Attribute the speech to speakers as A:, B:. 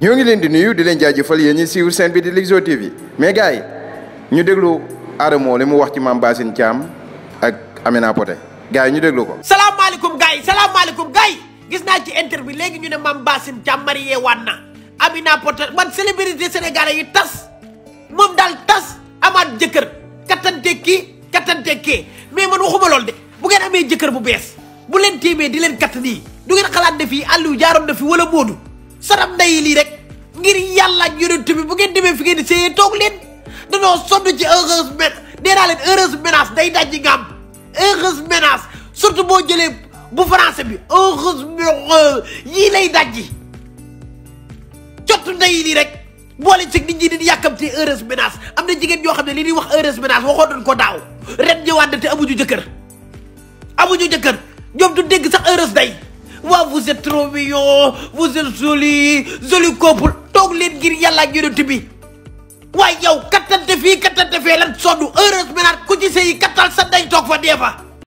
A: ñoo ngi leen di nuyu di leen jaajëfal yéen ñi siiw seen bi di Likzo TV mais gars yi ñu déglu Adamo li mu wax ci Mame Bassine Thiam ak Amina Poté gars yi ñu déglu ko.
B: salaamaaleykum gars yi salaamaaleykum gars yi gis naa ci interview léegi ñu ne Mame Bassine Thiam marié waan na Amina Poté man célébrité sénégalais yi tas moom daal tas amaat jëkkër kattante kii kattante kee mais man waxuma lool de bu ngeen amee jëkkër bu bees bu leen téemee di leen katt nii du ngeen xalaat ne fii àllu jaaroon na fi wala Moodu. sa sarab nday lii rek ngir yàlla ak yonent bi bu ngeen demee fi ngeen di seeyee toog leen danoo sonn ci heureuse men nee naa leen heureuse menace day dajji nga am surtout boo jëlee bu français bi heureuse yii lay dajji cottu nday lii rek boole ci nit ñi di yàkkamti heureuse menace am na jigéen yoo xam ne li ñuy wax heureuse menace waxoon nañ ko daaw ren ñëwaat na te amuñu jëkkër amuñu jëkkër ñoom du dégg sax heureuse day waaw vous êtes trop mignon vous êtes joli joli couple toog leen ngir yàlla ak yonent bi waaye yow kattante fii kattante fee lan sonn heureusement ku ci sëy kattal sa dañ toog fa dee fa